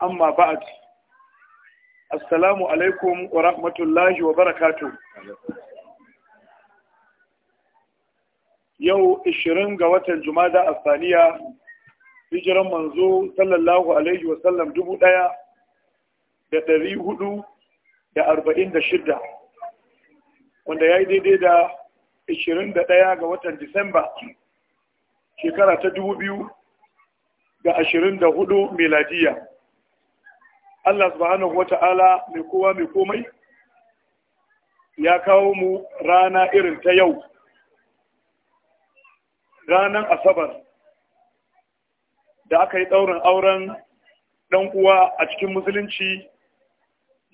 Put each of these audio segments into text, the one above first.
amma ba'ad assalamu alaikum wa rahmatullahi wa barakatuh yau 20 ga watan jumada afaniya hijiran manzo sallallahu alaihi sallam, dubu ɗaya da dari hudu da arba'in da shida wanda ya yi daidai da 21 ga watan disamba shekara ta dubu biyu ga ashirin da hudu miladiya Allah subhanahu wata'ala mai kowa mai komai ya kawo mu rana irin ta yau ranar asabar da aka yi ɗaurin auren ɗan uwa a cikin musulunci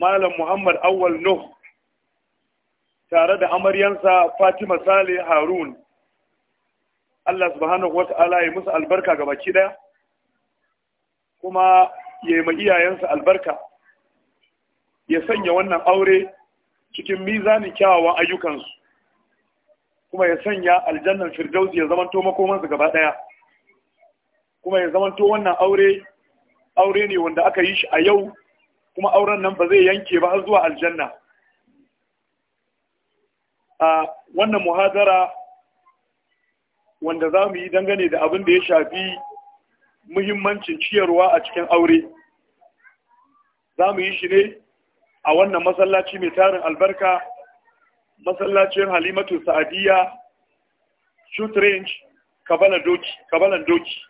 malam muhammad awwal nuh tare da amaryansa fatima sale harun allah subhanahu wata'ala ya musu albarka ga baki ɗaya kuma ya yi ma iyayensa albarka ya sanya wannan aure cikin mizanin kyawawan ayyukansu kuma ya sanya aljannan firdausi ya zamanto makomansu gaba ɗaya kuma ya zamanto wannan aure aure ne wanda aka yi shi a yau kuma auren nan ba zai yanke ba har zuwa aljanna a wannan muhadara wanda za mu yi dangane da abin da ya shafi muhimmancin ciyarwa a cikin aure za mu yi shi ne a wannan masallaci mai tarin albarka masallacin halimatu sa'adiyya shoot range kabalan doki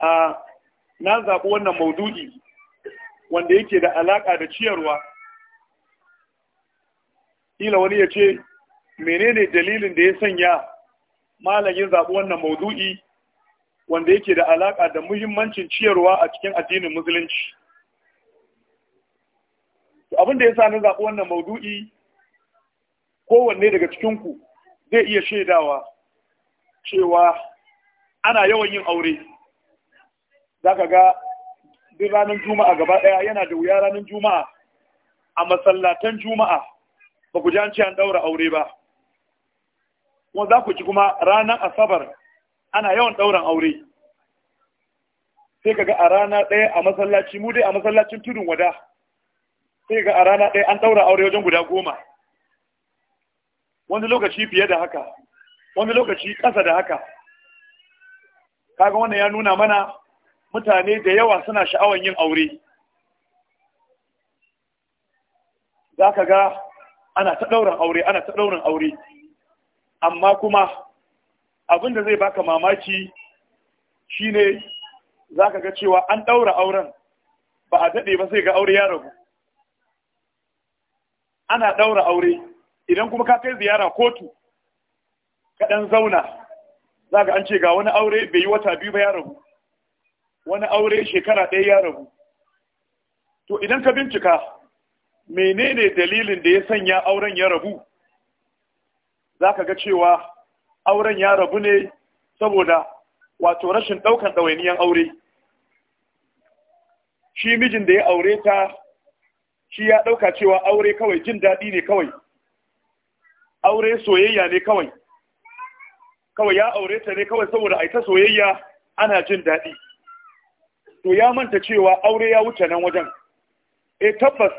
a na zaɓi wannan maududi wanda yake da alaƙa da ciyarwa ila wani ya ce menene dalilin da ya sanya malayin zaɓi wannan maududi? wanda yake da alaƙa da muhimmancin ciyarwa a cikin addinin musulunci abin da ya sa na zaɓi wannan maudu'i kowanne daga cikinku zai iya shaidawa cewa ana yawan yin aure za ka ga duk ranar juma'a gaba ɗaya yana da wuya ranar juma'a a masallatan juma'a ba ku ji an ce an ɗaura aure ba kuma za ku ci kuma ranar asabar ana yawan ɗauran aure sai kaga a rana ɗaya a masallaci mu dai a masallacin tudun wada sai ga a rana ɗaya an ɗaura aure wajen guda goma wani lokaci fiye da haka wani lokaci ƙasa da haka kaga wannan ya nuna mana mutane da yawa suna sha'awar yin aure za ka ga ana ta ɗaurin aure ana ta ɗaurin aure amma kuma abin da zai baka mamaki shine za ka ga cewa an ɗaura auren ba a daɗe ba sai ga aure ya rabu ana ɗaura aure idan kuma ka kai ziyara kotu ka ɗan zauna za ka an ce ga wani aure bai yi wata biyu ba ya rabu wani aure shekara ɗaya ya rabu to idan ka bincika menene dalilin da ya sanya auren ya rabu za ka ga cewa auren ya rabu ne saboda wato rashin ɗaukan ɗawainiyan aure shi mijin da ya aure ta shi ya ɗauka cewa aure kawai jin daɗi ne kawai aure soyayya ne kawai kawai ya aure ta ne kawai saboda a ta soyayya ana jin daɗi to ya manta cewa aure ya wuce nan wajen e tabbas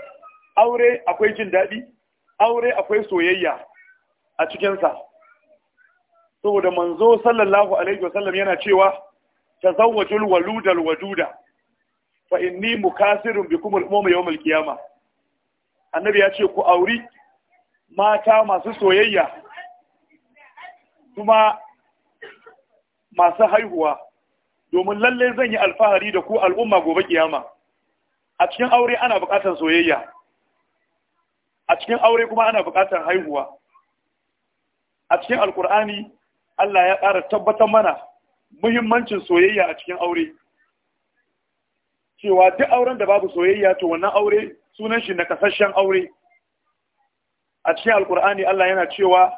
aure akwai jin daɗi aure akwai soyayya a cikinsa saboda manzo sallallahu alaihi wasallam yana cewa tazawwajul waludal waduda fa inni mukasirun bikum al umam yawm al-qiyama annabi ya ce ku auri mata masu soyayya kuma masu haihuwa domin lalle zan yi alfahari da ku al'umma gobe kiyama a cikin aure ana buƙatar soyayya a cikin aure kuma ana buƙatar haihuwa a cikin alkur'ani Allah ya ƙara tabbatar mana muhimmancin soyayya a cikin aure cewa duk auren da babu soyayya to wannan aure sunan shi kasashen aure a cikin alkur'ani Allah yana cewa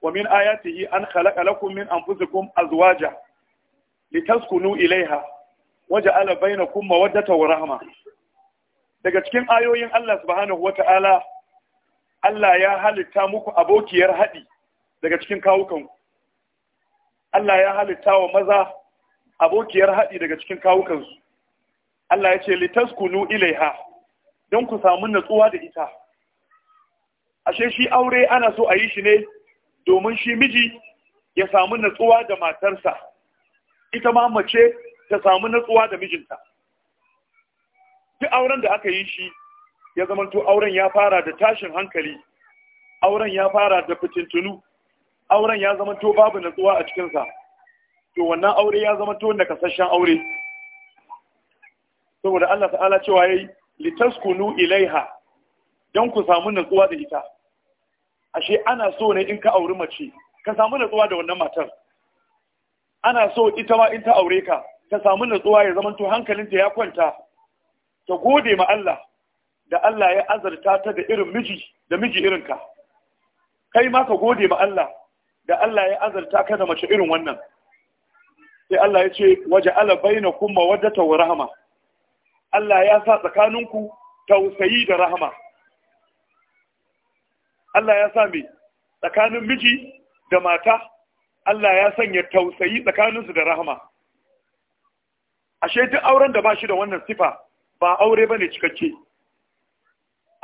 wa min ayatihi an khalaqa lakum min anfusikum azwaja litaskunu ilaiha waja'ala bainakum mawaddata wa rahma daga cikin ayoyin Allah subhanahu wata'ala Allah ya halitta muku abokiyar haɗi daga cikin kawukanku Allah ya halitta wa maza abokiyar haɗi daga cikin kawukansu Allah ya ce nu ilaiha don ku samu natsuwa da ita ashe shi aure ana so a yi shi ne domin shi miji ya samu natsuwa da matarsa ita ma mace ta samu natsuwa da mijinta duk auren da aka yi shi ya zamanto auren ya fara da tashin hankali auren ya fara da fitintunu auren ya zama to babu natsuwa a cikinsa to wannan aure ya zama to nakasashen aure saboda Allah ta'ala cewa ya yayi litaskunu ilaiha don ku samu natsuwa da ita ashe ana so ne in ka auri mace ka samu natsuwa da wannan matar ana so ita ma in ta aure ka ka samu natsuwa ya zama to hankalinta ya kwanta ta gode ma Allah da Allah ya azarta ta da irin miji da miji irinka kai ma ka gode ma Allah da Allah ya azarta ka da mace irin wannan sai Allah ya ce waje ala baina kuma wadda wa rahama Allah ya sa tsakaninku tausayi da rahama Allah ya sa me tsakanin miji da mata Allah ya sanya tausayi tsakaninsu da rahama ashe duk auren da ba shi da wannan sifa ba aure bane cikakke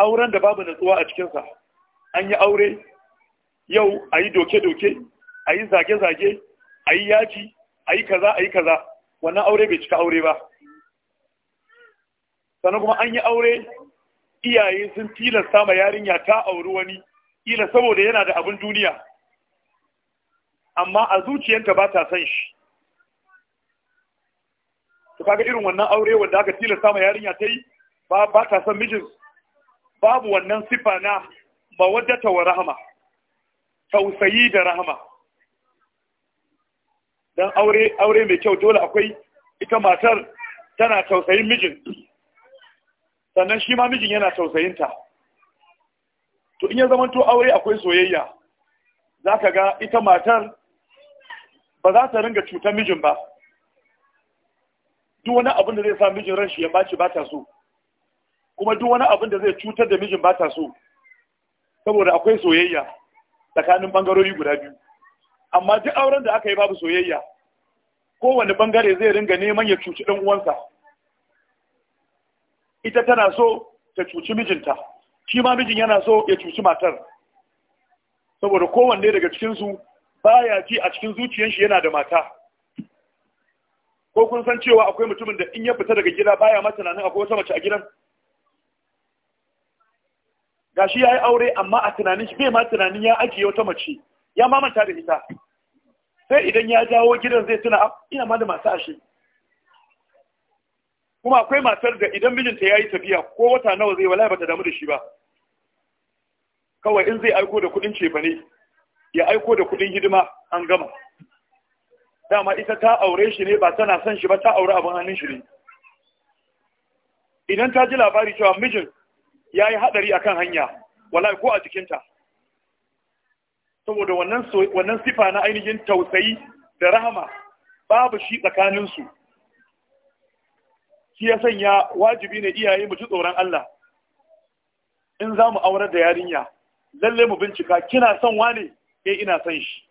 auren da babu natsuwa a cikinsa an yi aure yau a yi doke-doke a yi zage-zage a yi yaji a yi kaza a yi kaza wannan aure bai cika aure ba sannan kuma an yi aure iyaye sun tilasta ma yarinya ta auri wani ila saboda yana da abin duniya amma a zuciyanta ba ta san shi ta kaga irin wannan aure wanda aka tilasta ma yarinya ta yi ba ta san mijin babu wannan sifa na mawaddata wa rahama tausayi da rahama dan aure aure mai kyau dole akwai ita matar tana tausayin mijin sannan shi ma mijin yana tausayinta to in ya zama to aure akwai soyayya za ka ga ita matar ba za ta ringa cutar mijin ba duk wani abin da zai sa mijin ran shi ya baci ba ta so kuma duk wani abin da zai cutar da mijin ba ta so saboda akwai soyayya tsakanin bangarori guda biyu amma duk auren da aka yi babu soyayya kowane bangare zai ringa neman ya cuci ɗan uwansa ita tana so ta cuci mijinta shi ma mijin yana so ya cuci matar saboda kowanne daga cikinsu baya ji a cikin zuciyar yana da mata ko kun san cewa akwai mutumin da in ya fita daga gida baya ma tunanin akwai wata mace a gidan gashi ya yi aure amma a tunanin shi bai ma tunanin ya ajiye wata mace ya mamanta da ita sai idan ya jawo gidan zai tuna ah, ina ma da masu ashe kuma akwai matar da idan mijinta ya yi tafiya ko wata nawa zai wala ba ta damu da shi ba kawai in zai aiko da kudin ce bane ya aiko da kudin hidima an gama dama ita ta aure shi ne ba tana son shi ba ta aure abin hannun shi ne idan ta ji labari cewa mijin ya yi haɗari a kan hanya wallahi ko a jikinta saboda wannan sifa na ainihin tausayi da rahama babu shi tsakaninsu shi ya sanya wajibi ne iyaye mu ji tsoron Allah in za mu aurar da yarinya lalle mu bincika kina son wane eh ina son shi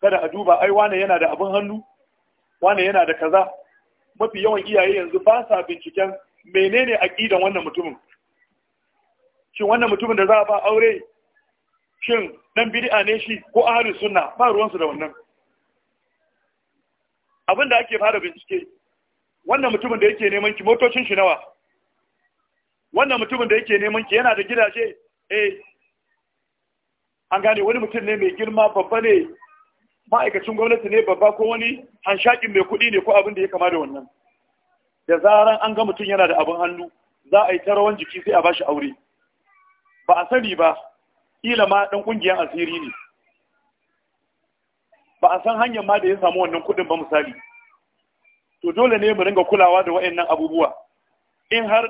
kada a duba ai wane yana da abin hannu wane yana da kaza mafi yawan iyaye yanzu ba sa binciken menene aqidan wannan mutumin shin wannan mutumin da za a ba aure shin dan bid'a ne shi ko ahlus sunna ba ruwansu da wannan abin da ake fara bincike wannan mutumin da yake neman ki motocin shi nawa wannan mutumin da yake neman ki yana da gidaje eh an gane wani mutum ne mai girma babba ne ma'aikacin gwamnati ne babba ko wani hanshakin mai kuɗi ne ko abin da ya kama da wannan da zaran an ga mutum yana da abin hannu za a yi ta rawan jiki sai a ba shi aure ba a sani ba kila ma dan ƙungiyar asiri ne ba a san hanyar ma da ya samu wannan kudin ba misali to dole ne mu ringa kulawa da wayannan abubuwa in har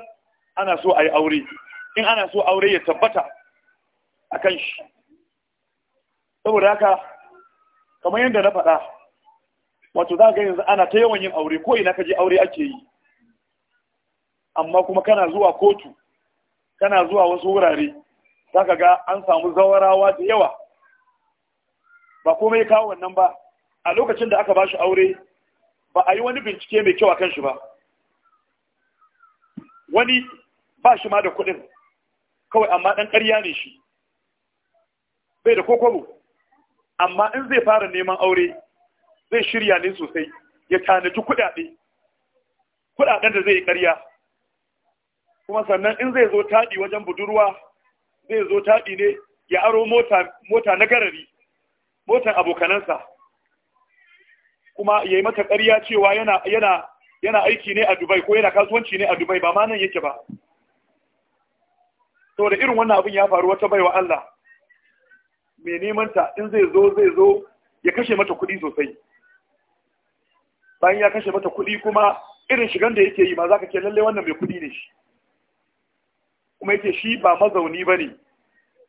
ana so a yi aure in ana so aure ya tabbata a kan shi saboda haka kamar yadda na faɗa wato za ga yanzu ana ta yawan yin aure ko ina ka je aure ake yi amma kuma kana zuwa kotu kana zuwa wasu wurare za ka ga an samu zawarawa da yawa ba komai ya kawo wannan ba a lokacin da aka ba shi aure ba a yi wani bincike mai kyau a kan shi ba wani ba shi ma da kuɗin kawai amma ɗan ƙarya ne shi bai da kokobo amma in zai fara neman aure zai shirya ne sosai ya tanaji kuɗaɗe kuɗaɗen da zai yi ƙarya kuma sannan in zai zo taɗi wajen budurwa zai zo taɗi ne ya aro mota na garari motan abokanansa kuma ya yi mata ƙarya cewa yana aiki ne a dubai ko yana kasuwanci ne a dubai ba ma nan yake ba da irin wannan abin ya faru wata baiwa Allah mai nemanta in zai zo zai zo ya kashe mata kuɗi sosai bayan ya kashe mata kuɗi kuma irin shigan da yake yi ma za ka ke lallai wannan mai kuɗi ne shi kuma yake shi ba mazauni ba ne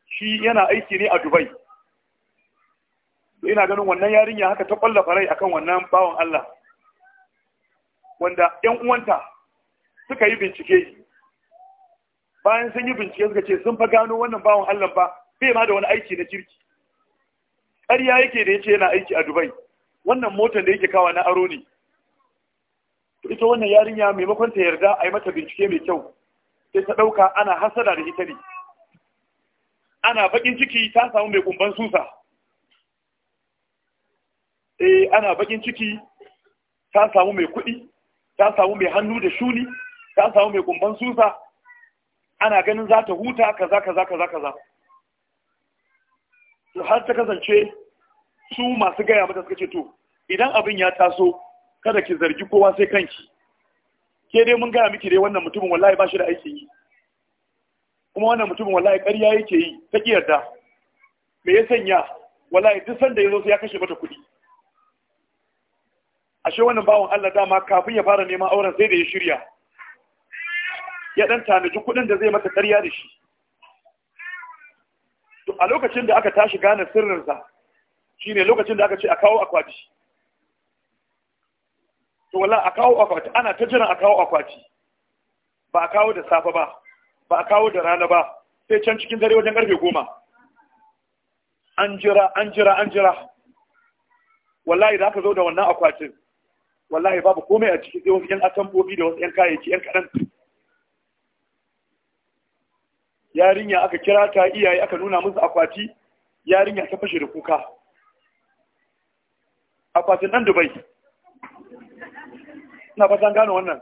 shi yana aiki ne a dubai ina ganin wannan yarinya haka ta ƙwallafa rai akan wannan bawan allah wanda 'yan uwanta suka yi bincike bayan sun yi bincike suka ce sun fa gano wannan bawan allah ba bai ma da wani aiki na kirki ƙarya yake da ya ce yana aiki a dubai wannan motar da yake kawa na aro ne ita wannan yarinya maimakon ta yarda a yi mata bincike mai kyau sai ta ɗauka ana hasada da ita ne ana bakin ciki ta samu mai kumban susa eh ana bakin ciki ta samu mai kuɗi ta samu mai hannu da shuni ta samu mai kumban susa ana ganin za ta huta kaza kaza kaza kaza to har ta kasance su masu gaya mata suka ce to idan abin ya taso kada ki zargi kowa sai kanki ke dai mun gaya miki dai wannan mutumin wallahi ba shi da aiki. yi kuma wannan mutumin wallahi ƙarya yake yi ta ki yarda me ya sanya wallahi duk sanda ya zo sai ya kashe mata kuɗi ashe wannan bawan Allah dama kafin ya fara neman auren sai da ya shirya ya dan tanaji kuɗin da zai mata ƙarya da shi to a lokacin da aka tashi gane sirrin sirrinsa shine lokacin da aka ce a kawo akwati to a kawo akwati ana ta jiran a kawo akwati ba a kawo da safe ba ba a kawo da rana ba sai can cikin dare wajen karfe goma an jira an jira an jira wallahi za ka zo da wannan akwatin wallahi babu komai a cikin wasu yan atambobi da wasu yan kayayyaki yan kaɗan yarinya aka kira ta iyaye aka nuna musu akwati yarinya ta fashe da kuka akwatin nan dubai ina fatan gano wannan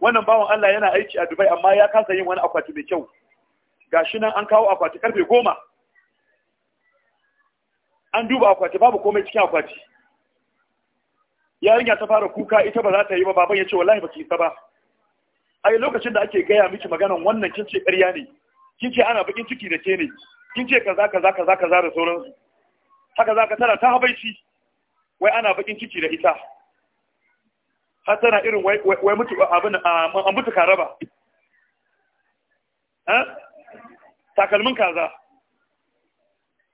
wannan bawan Allah yana aiki a Dubai amma ya kasa yin wani akwati mai kyau gashi nan an kawo akwati karfe goma an duba akwati babu komai cikin akwati yarinya ta fara kuka ita ba za ta yi ba baban ya ce wallahi baki isa ba ai lokacin da ake gaya miki maganan wannan kin ce ƙarya ne kin ce ana bakin ciki da ke ne kin ce kaza kaza kaza kaza da sauransu haka zaka tara ta habaici wai ana bakin ciki da ita a tana irin wai mutu abin a mutu karaba takalmin kaza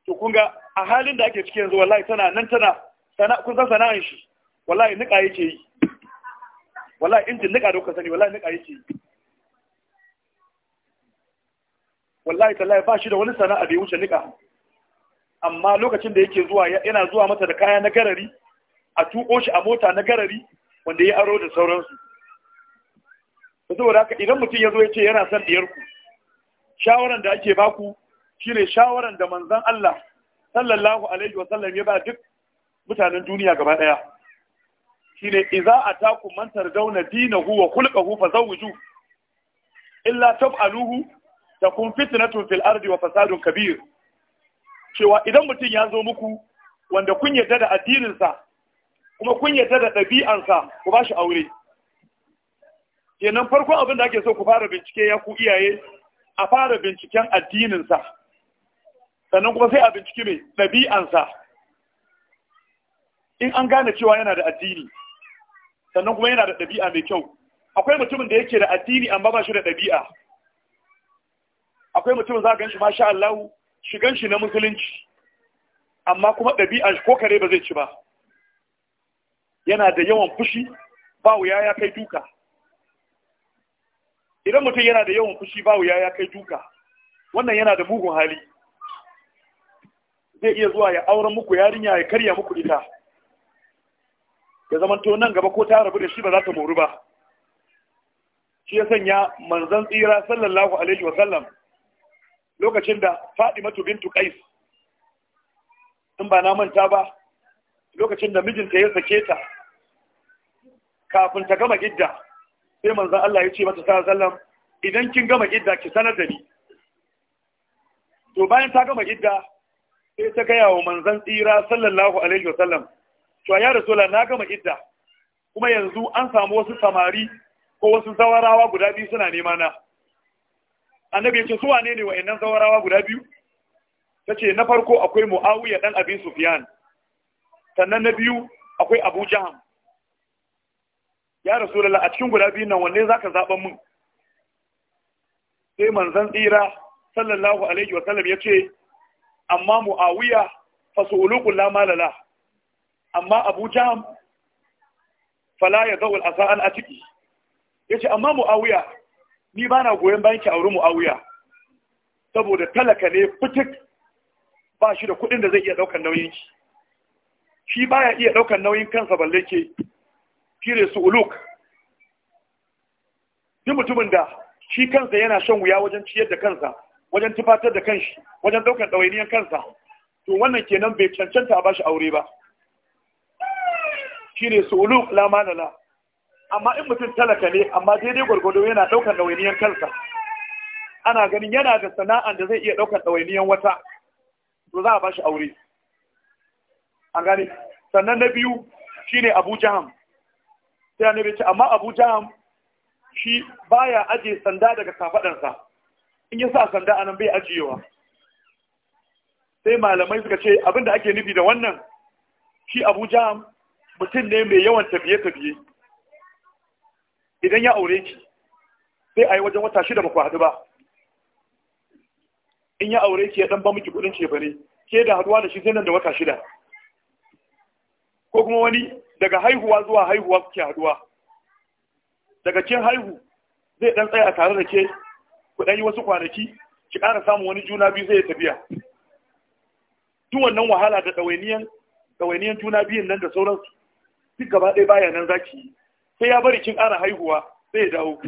to kun ga a halin da ake ciki yanzu wallahi tana nan tana sana kun san sana'an shi wallahi nika yake yi wallahi injin nika da kuka sani wallahi nika yake yi wallahi tallahi ba shi da wani sana'a da ya wuce nika amma lokacin da yake zuwa yana zuwa mata da kaya na garari a tuko shi a mota na garari wanda ya aro da sauransu saboda haka idan mutum ya zo ya ce yana son ɗiyarku. shawaran da ake baku shine shawaran da manzon Allah sallallahu alaihi wasallam ya ba duk mutanen duniya gaba ɗaya. Shi ne daya shine idza ataku man tardawna dinahu wa khulquhu fazawiju illa ta kun fitnatun fil ardi wa fasadun kabir cewa idan mutum ya zo muku wanda kun yarda da addininsa kuma kun yarda da ɗabi'ansa ku ba shi aure kenan farko abin da ake so ku fara bincike ya ku iyaye a fara binciken addininsa sannan kuma sai a bincike mai ɗabi'ansa in an gane cewa yana da addini sannan kuma yana da ɗabi'a mai kyau akwai mutumin da yake da addini amma ba shi da ɗabi'a akwai mutumin za a gan shi masha Allah shigan shi na musulunci amma kuma ɗabi'a ko kare ba zai ci ba yana da yawan fushi ba wuya ya kai duka idan mutum yana da yawan fushi ba wuya ya kai duka wannan yana da mugun hali zai iya zuwa ya auren muku yarinya ya karya muku ita ya zama to nan gaba ko ta rabu da shi ba za ta moru ba shi ya sanya manzan tsira sallallahu alaihi wa sallam lokacin da Fadimatu bintu Qais in ba na manta ba lokacin da mijinta ya sake ta kafin ta gama idda sai manzan Allah ya ce mata sallallahu alaihi wasallam idan kin gama idda ki sanar da ni to bayan ta gama idda sai ta gaya wa manzan tsira sallallahu alaihi wasallam to ya rasula na gama idda kuma yanzu an samu wasu samari ko wasu zawarawa guda biyu suna nema na annabi ya ce su wane ne wa'annan zawarawa guda biyu tace na farko akwai mu'awiya dan abin sufiyan sannan na biyu akwai abu jaham ya rasulullah a cikin guda biyun nan wanne ka zaɓa mun sai manzon tsira sallallahu alaihi wa sallam yace amma muawiya fasuluqul la malala amma abu jam fala yadau al-asa an atiki yace amma muawiya ni bana goyen bayan ki auri muawiya saboda talaka ne fitik ba shi da kuɗin da zai iya ɗaukar nauyin shi shi baya iya ɗaukar nauyin kansa balle ke shine su uluk duk mutumin da shi kansa yana shan wuya wajen ciyar da kansa wajen tufatar da kanshi wajen daukar ɗawainiyar kansa to wannan kenan bai cancanta a bashi aure ba shine su uluk la manala amma in mutum talaka ne amma daidai gwargwado yana daukar ɗawainiyar kansa ana ganin yana da sana'an da zai iya daukar ɗawainiyar wata to za a bashi aure an gane sannan na biyu shine abu jaham sai annabi ce amma Abu jam shi baya aje sanda daga kafadansa in ya sa sanda anan bai ajiyewa sai malamai suka ce abinda ake nufi da wannan shi Abu jam mutum ne mai yawan tafiye-tafiye idan ya aure ki sai a yi wajen wata shida ba ku haɗu ba in ya aure ki ya ɗan ba miki kuɗin cefane ke da haɗuwa da shi sai nan da wata shida ko kuma wani daga haihuwa zuwa haihuwa suke haduwa daga kin haihu zai dan tsaya tare da ke ku dan yi wasu kwanaki ki ƙara samun wani juna biyu zai tafiya duk wannan wahala da dawainiyan dawainiyan juna biyun nan da sauransu duk gaba ɗaya baya nan zaki yi sai ya bari kin ƙara haihuwa sai ya dawo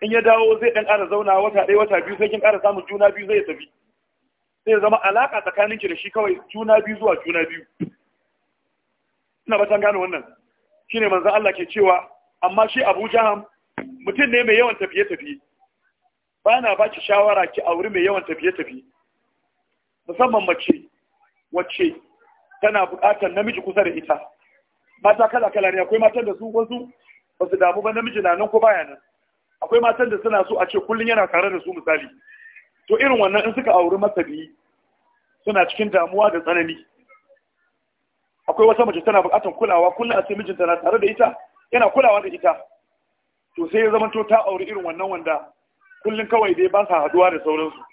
in ya dawo zai ɗan ƙara zauna wata ɗaya wata biyu sai kin ƙara samun juna biyu zai tafi sai ya zama alaƙa tsakaninki da shi kawai juna biyu zuwa juna biyu ina batan gane wannan Shi ne manzan Allah ke cewa amma shi Abu Jaham mutum ne mai yawan tafiye-tafiye ba na ba ki shawara ki auri mai yawan tafiye-tafiye musamman mace wacce tana buƙatar namiji kusa da ita mata kala-kala ne akwai matan da su wasu ba su damu ba namiji na nan ko baya nan akwai matan da suna so a ce kullum yana tare da su misali to irin wannan in suka auri masabi suna cikin damuwa da tsanani akwai wata mace tana bukatar kulawa kullum a ce mijinta na tare da ita yana kulawa da ita to sai ya zama to ta auri irin wannan wanda kullum kawai dai ba sa haduwa da sauransu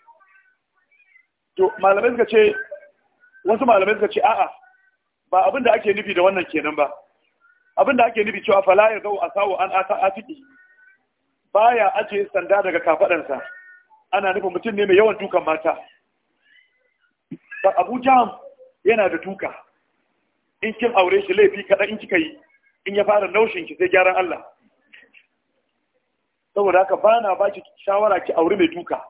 to malamai suka ce wasu malamai suka ce a'a ba abin da ake nufi da wannan kenan ba abin da ake nufi cewa fala ya zau asawo an ata afiki baya aje sanda daga kafadansa ana nufin mutum ne mai yawan dukan mata ba abu yana da duka in kin aure shi laifi kaɗan in kika yi in ya fara naushin ki sai gyaran Allah saboda haka ba na ba ki shawara ki aure mai duka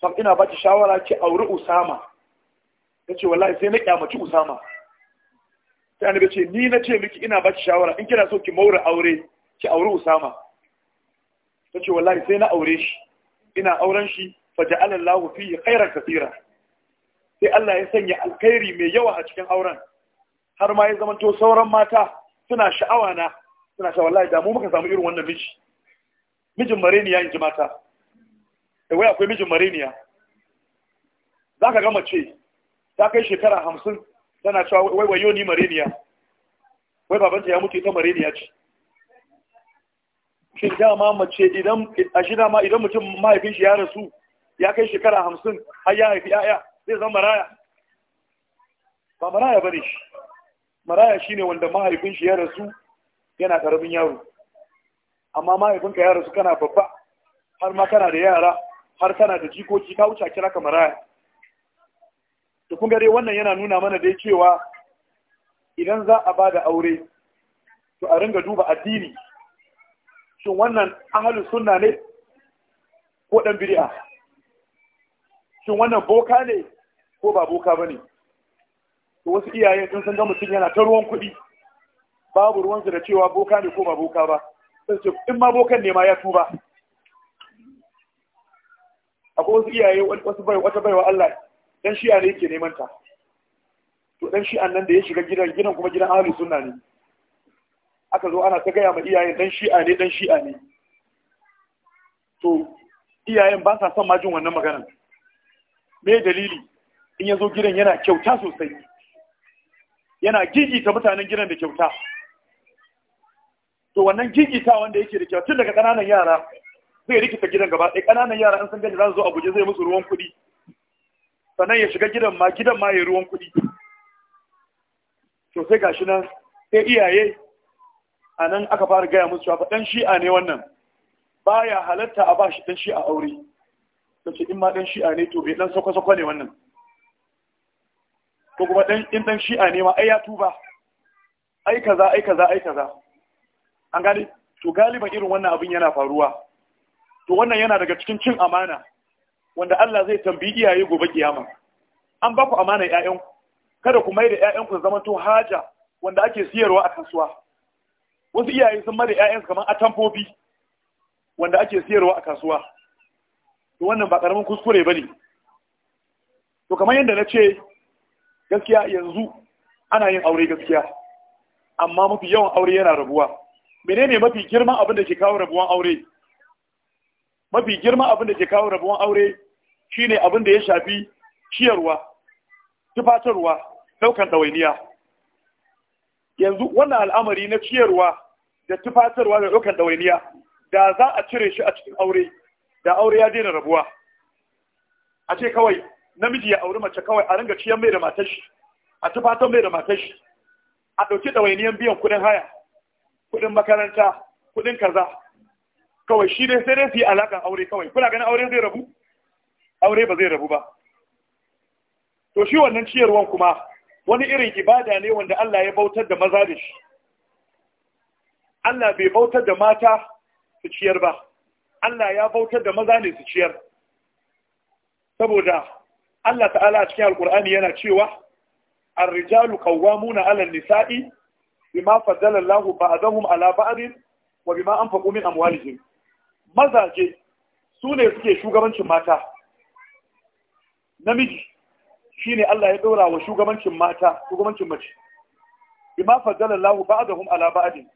sam ina ba ki shawara ki aure Usama Ya ce wallahi sai na kyamaci Usama sai annabi ce ni na ce miki ina ba ki shawara in kina so ki maura aure ki aure Usama ta ce wallahi sai na aure shi ina auren shi faja'alallahu fihi khairan kathira sai Allah ya sanya alkhairi mai yawa a cikin auren har ma ya to sauran mata suna sha'awa na suna sha wallahi da mu muka samu irin wannan miji mijin mareniya in ji mata da eh, wai akwai mijin mareniya za ka ga mace ta kai shekara hamsin tana cewa wai wayo ni mareniya wai babanta ya mutu ita mareniya ce shin dama mace idan a shi dama idan mutum mahaifin shi ya rasu ya kai shekara hamsin har ya haifi 'ya'ya zai zama maraya ba maraya ne shi maraya shine wanda mahaifin shi ya rasu yana karamin yaro amma mahaifinka ya rasu kana babba har ma kana da yara har kana da jikoki ka wuce kira ka maraya da kun dai wannan yana nuna mana dai cewa idan za a ba da aure to a ringa duba addini shin wannan ahalus sunna ne ko dan bid'a shin wannan boka ne ko ba boka ba ne to wasu iyayen sun san ga mutum yana ta ruwan kuɗi babu ruwansu da cewa boka ne ko ba boka ba sai ce in ma bokan ne ma ya tuba akwai wasu iyaye wasu bai wata baiwa Allah dan shi'a ne yake neman ta to dan shi'an nan da ya shiga gidan gidan kuma gidan ahli sunna ne aka zo ana ta gaya ma iyayen dan shi'a ne dan shi'a ne to iyayen ba sa son ma jin wannan maganar me dalili in ya zo gidan yana kyauta sosai yana gigita mutanen gidan da kyauta to wannan gigita wanda yake da kyautun tun daga ƙananan yara zai rikita gidan gaba ɗaya ƙananan yara an san gani za su zo abuja zai musu ruwan kuɗi sannan ya shiga gidan ma gidan ma ya ruwan kuɗi to sai gashi nan sai iyaye a nan aka fara gaya musu cewa ɗan shi'a ne wannan baya halatta a ba shi ɗan shi'a aure ta in ma ɗan shi'a ne to bai ɗan sako-sako ne wannan ko kuma dan in dan shi'a ne ma ai ya tuba ai kaza ai kaza ai kaza an gani? to galiban irin wannan abin yana faruwa to wannan yana daga cikin cin amana wanda Allah zai tambayi iyaye gobe kiyama an ba ku amana ƴaƴan kada ku mai da ƴaƴan ku zama to haja wanda ake siyarwa a kasuwa wasu iyaye sun mai da ƴaƴan kamar atamfofi wanda ake siyarwa a kasuwa to wannan ba karamin kuskure bane to kamar yadda na ce gaskiya yanzu ana yin aure gaskiya amma mafi yawan aure yana rabuwa menene mafi girman abin da ke kawo rabuwan aure mafi girman abin da ke kawo rabuwan aure shine abin da ya shafi ciyarwa tufatarwa daukan ɗawainiya yanzu wannan al'amari na ciyarwa da tufatarwa da daukan ɗawainiya da za a cire shi a cikin aure da aure ya daina rabuwa a ce kawai namiji ya auri mace kawai a ringa ciyar mai da matar shi a tufatan mai da matar shi a ɗauki ɗawainiyar biyan kuɗin haya kuɗin makaranta kuɗin kaza kawai shi ne sai dai su yi alaƙar aure kawai kuna ganin aure zai rabu aure ba zai rabu ba to shi wannan ciyarwan kuma wani irin ibada ne wanda Allah ya bautar da maza da shi Allah bai bautar da mata su ciyar ba Allah ya bautar da maza ne su ciyar saboda Allah ta'ala a cikin alkur'ani yana cewa ar-rijalu qawwamuna 'ala an-nisa'i bima faddala Allahu ba'dahum 'ala ba'din wa bima anfaqu min amwalihim mazaje su ne suke shugabancin mata namiji shine Allah ya daura wa shugabancin mata shugabancin mace bima faddala Allahu ba'dahum 'ala ba'din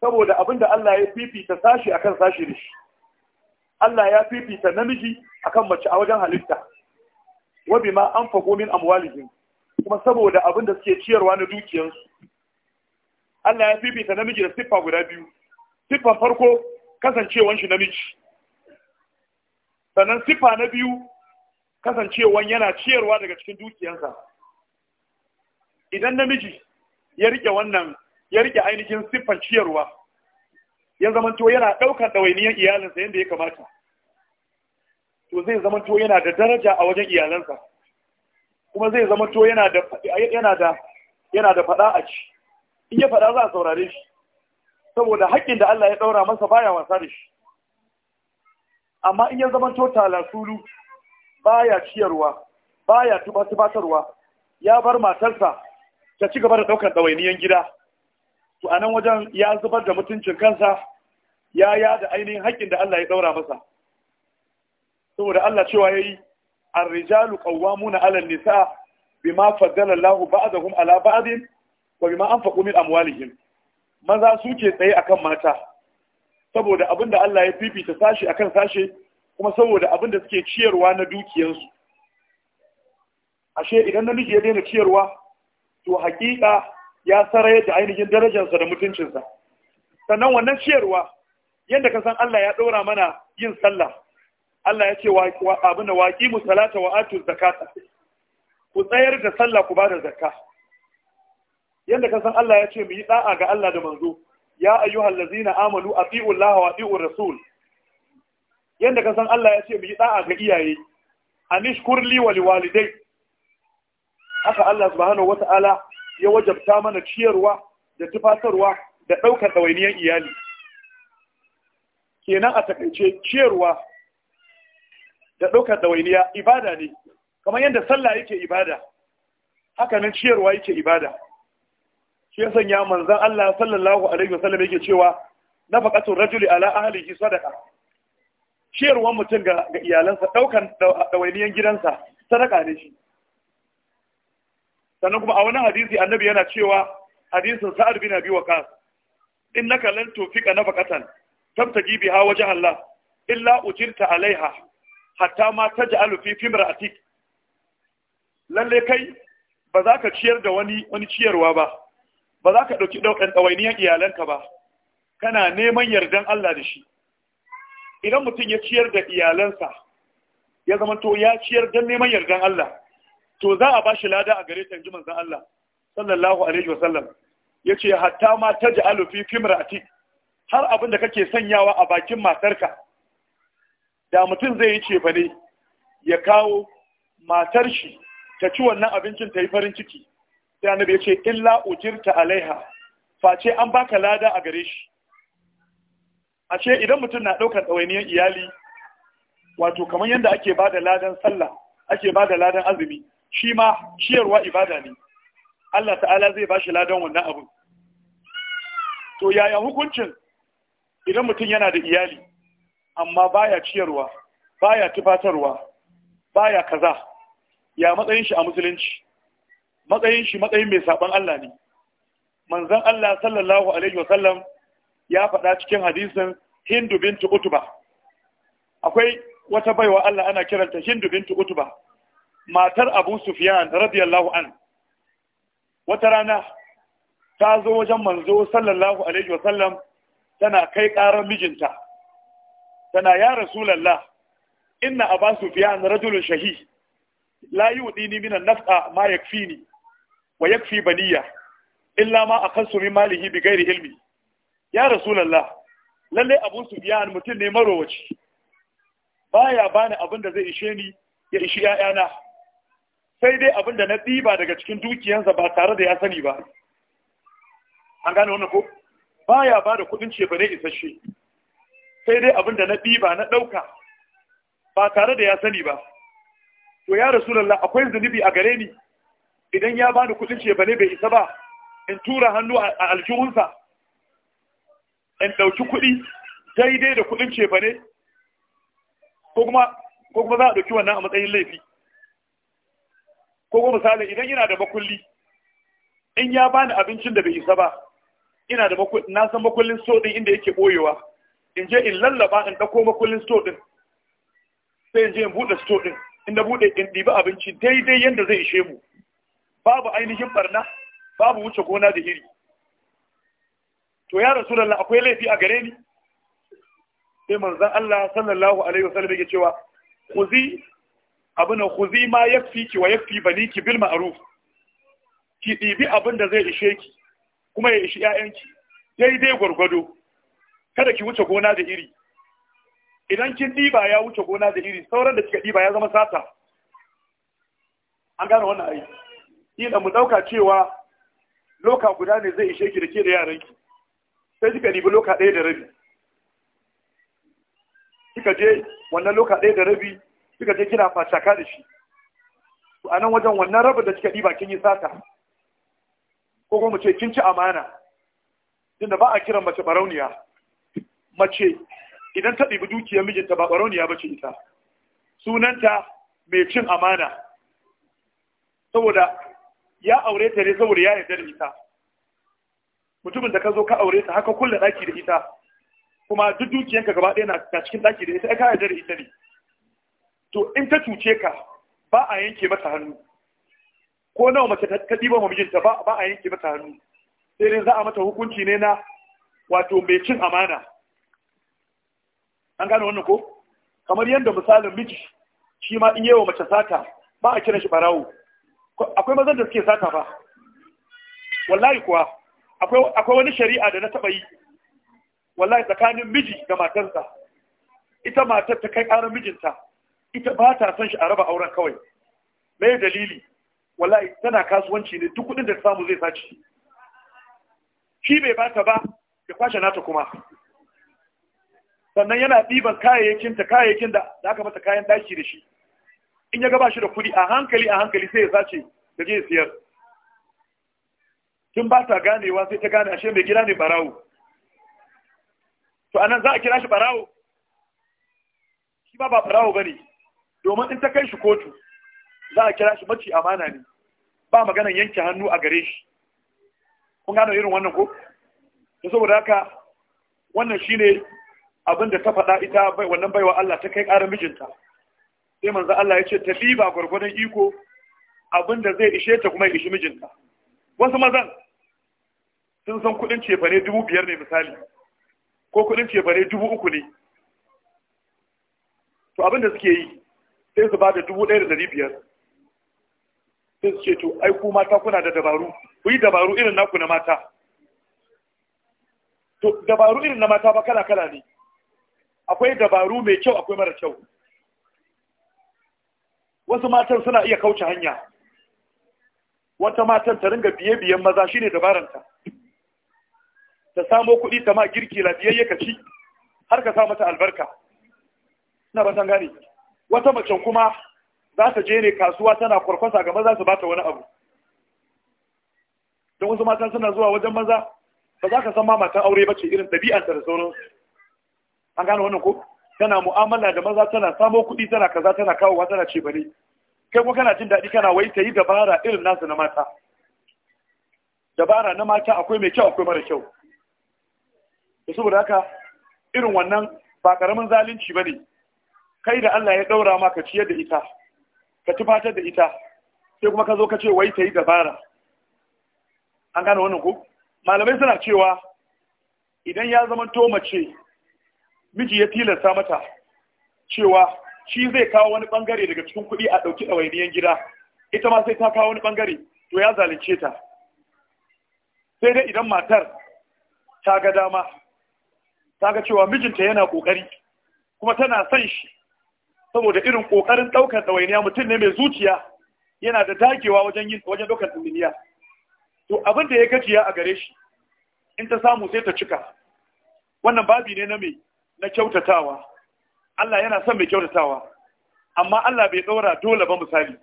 saboda abinda Allah ya fifita sashi akan sashi ne Allah ya fifita namiji akan mace a wajen halitta wa ma anfaqu min amwalihim kuma saboda abin da suke ciyarwa na dukiyarsu Allah ya fifita namiji da siffa guda biyu siffan farko kasancewan shi namiji sannan siffa na biyu kasancewan yana ciyarwa daga cikin dukiyarsa idan namiji ya rike wannan ya rike ainihin siffan ciyarwa ya zamanto yana ɗaukar ɗawainiyar iyalinsa yadda ya kamata to zai zama to yana da daraja a wajen iyalansa kuma zai zama to yana da yana da yana da fada a ci in ya fada za a saurare shi saboda haƙƙin da Allah ya daura masa baya wasa da shi amma in ya zama to talasulu baya ciyarwa baya tubatarwa ya bar matarsa ta ci gaba da daukar dawainiyan gida to anan wajen ya zubar da mutuncin kansa ya yada ainihin haƙƙin da Allah ya daura masa saboda Allah cewa yayi ar-rijalu qawwamuna 'ala an-nisa bima faddala Allahu ba'dahum 'ala ba'din wa bima anfaqu min amwalihim maza suke tsaye akan mata saboda abinda Allah ya fifita sashi akan sashi kuma saboda abinda suke ciyarwa na dukiyansu ashe idan namiji ya daina ciyarwa to hakika ya sarar da ainihin darajarsa da mutuncinsa sannan wannan ciyarwa yadda ka san Allah ya ɗora mana yin sallah Allah ya ce abin da waƙi mu salata wa atu zakata ku tsayar da sallah ku bada zakka yanda ka san Allah ya ce mu yi da'a ga Allah da manzo ya ayyuhal ladzina amalu ati'u Allah wa ati'u rasul Yadda ka san Allah ya ce mu yi da'a ga iyaye anishkur li wa liwalidai haka Allah subhanahu wata'ala ya wajabta mana ciyarwa da tufasarwa da ɗaukar ɗawainiyar iyali kenan a takaice ciyarwa da ɗaukar ɗawainiya ibada ne kamar yadda sallah yake ibada haka nan ciyarwa yake ibada shi ya sanya manzan Allah sallallahu alaihi wasallam yake cewa na nafaqatul rajuli ala ahlihi sadaka. ciyarwan mutum ga iyalansa ɗaukan ɗawainiyan gidansa sadaka ne shi sannan kuma a wani hadisi annabi yana cewa hadisin sa'ad bin abi waqas innaka lan tufiqa nafaqatan tabtaji biha wajha Allah illa ujirta alaiha hatta ma ta ji alufi fimar atik lalle kai ba za ka ciyar da wani ciyarwa ba ba za ka ɗauki ɗaukan ɗawainiyar iyalanka ba kana neman yardan Allah da shi idan mutum ya ciyar da iyalansa ya zama to ya ciyar don neman yardan Allah to za a ba shi lada a gare ta inji manzon Allah sallallahu alaihi wa sallam yace hatta ma ta ji alufi fimar atik har abin da kake sanyawa a bakin matarka da mutum zai yi cefane ya kawo matar shi ta ci wannan abincin ta yi farin ciki sai annabi ya ce illa ujirta alaiha face an baka lada a gare shi ashe idan mutum na ɗaukar ɗawainiyar iyali wato kamar yadda ake ba da ladan sallah ake ba da ladan azumi shi ma ciyarwa ibada ne Allah ta'ala zai ba shi ladan wannan abin to yaya hukuncin idan mutum yana da iyali amma baya ciyarwa baya tufatarwa baya kaza ya matsayin shi a musulunci matsayin shi matsayin mai saban Allah ne manzon Allah sallallahu alaihi wasallam ya faɗa cikin hadisin Hindu bintu Utba akwai wata baiwa Allah ana kiranta Hindu bintu Utba matar Abu Sufyan radiyallahu an wata rana ta zo wajen manzo sallallahu alaihi wasallam tana kai ƙarar mijinta tana ya rasulallah inna aba sufyan rajulun shahi la yudini min an-nafqa ma yakfini wa yakfi illa ma akhassu min malihi bi ghairi ilmi ya rasulallah lalle abu sufyan mutum ne marowaci baya bani abin da zai ishe ni ya ishi 'ya'yana. sai dai abin da na ɗiba daga cikin dukiyansa ba tare da ya sani ba an gane wannan ko baya ba da kuɗin cefane isasshe sai dai abin da na ɗiba na ɗauka ba tare da ya sani ba to ya rasulallah akwai zunubi a gare ni idan ya bani kuɗin cefane bai isa ba in tura hannu a aljihunsa in ɗauki kuɗi daidai da kuɗin cefane ko kuma za a ɗauki wannan a matsayin laifi ko kuma misali idan yana da makulli in ya bani abincin da bai isa ba ina da na san makullin so din inda yake boyewa in je in lallaba in ɗauko makullin store ɗin sai in je in buɗe store ɗin in na buɗe in ɗiba abinci daidai yadda zai ishe mu babu ainihin barna babu wuce gona da iri to ya rasu da akwai laifi a gare ni sai manzan Allah sallallahu alaihi wasallam yake cewa kuzi abin da kuzi ma yafi ki wa yafi bani ki bil ma'ruf ki ɗibi abin da zai ishe ki kuma ya ishi 'ya'yanki daidai gwargwado kada ki wuce gona da iri idan kin diba ya wuce gona da iri sauran da kika diba ya zama sata an gane wannan Ni ina mu dauka cewa loka guda ne zai ishe ki da ke da yaran ki sai kika dibi loka ɗaya da rabi kika je wannan loka ɗaya da rabi kika je kina fashaka da shi to anan wajen wannan rabin da kika diba kin yi sata ko kuma mu ce kin ci amana tunda ba a kiran mace barauniya mace idan ta ɗibi dukiyar mijinta ba ɓarauniya ba ce ita sunanta mai cin amana saboda ya aure ta ne saboda ya yarda da ita mutumin da ka zo ka aure ta haka kulle ɗaki da ita kuma duk dukiyarka gaba ɗaya na cikin ɗaki da ita ka yarda da ita ne to in ta cuce ka ba a yanke mata hannu ko nawa mace ta ɗiba ma mijinta ba a yanke mata hannu sai dai za a mata hukunci ne na wato mai cin amana an gane wannan ko kamar yadda misalin miji shi ma in yawa mace sata ba a kiran shi barawo akwai mazan da suke sata ba wallahi kuwa akwai wani shari'a da na taɓa yi wallahi tsakanin miji da matarsa ita matar ta kai ƙarar mijinta ita ba ta son shi a raba auren kawai mai dalili wallahi tana kasuwanci ne duk kuɗin da ta samu zai sace? shi bai ba ta ba ya kwashe nata kuma sannan yana ɗiban kayayyakinta kayayyakin da aka mata kayan daki da shi in ya gaba shi da kuɗi a hankali a hankali sai ya sace da je siyar tun ba ta ganewa sai ta gane ashe mai gida ne barawo to anan za a kira shi barawo shi ba ba barawo ba ne domin in ta kai shi kotu za a kira shi mace amana ne ba magana yanke hannu a gare shi kun gano irin wannan ko saboda haka wannan shine abin da ta faɗa ita bai wannan baiwa Allah ta kai ƙara mijinta sai manzo Allah ya ce ta ba gwargwadon iko abin da zai ishe ta kuma ishi mijinta wasu mazan sun san kuɗin cefane dubu biyar ne misali ko kuɗin cefane dubu uku ne to abin da suke yi sai su ba da dubu ɗaya da ɗari biyar sai su ce to ai ku mata kuna da dabaru ku yi dabaru irin naku na mata to dabaru irin na mata ba kala kala ne akwai dabaru mai kyau akwai mara kyau wasu matan suna iya kauce hanya wata matan ta ringa biye-biyen maza shine dabaranta ta samo kuɗi ta ma girki lafiyayye kaci ci har ka sa mata albarka ina ban gane wata macen kuma za ta je ne kasuwa tana kwarkwasa ga maza su bata wani abu don wasu matan suna zuwa wajen maza ba za ka san ma matan aure ba ce irin ɗabi'anta da sauransu an gano wannan ko tana mu'amala da maza tana samo kuɗi tana kaza tana kawowa tana ce bane kai ko kana jin daɗi kana wai ta yi dabara irin nasu na mata dabara na mata akwai mai kyau akwai mara kyau da saboda haka irin wannan ba karamin zalunci ba ne kai da Allah ya ɗaura ma ka ciyar da ita ka tufatar da ita sai kuma ka zo ka ce wai ta yi dabara an gano wannan ko malamai suna cewa idan ya zama to mace miji ya tilasta mata cewa shi zai kawo wani bangare daga cikin kuɗi a ɗauki ɗawainiyan gida ita ma sai ta kawo wani bangare to ya zalunce ta sai dai idan matar ta ga dama ta ga cewa mijinta yana ƙoƙari kuma tana son shi saboda irin ƙoƙarin ɗaukar ɗawainiya mutum ne mai zuciya yana da dagewa wajen yin wajen ɗaukar ɗawainiya to abin da ya gajiya a gare shi in ta samu sai ta cika wannan babi ne na mai na kyautatawa Allah yana son mai kyautatawa amma Allah bai tsora dole ba misali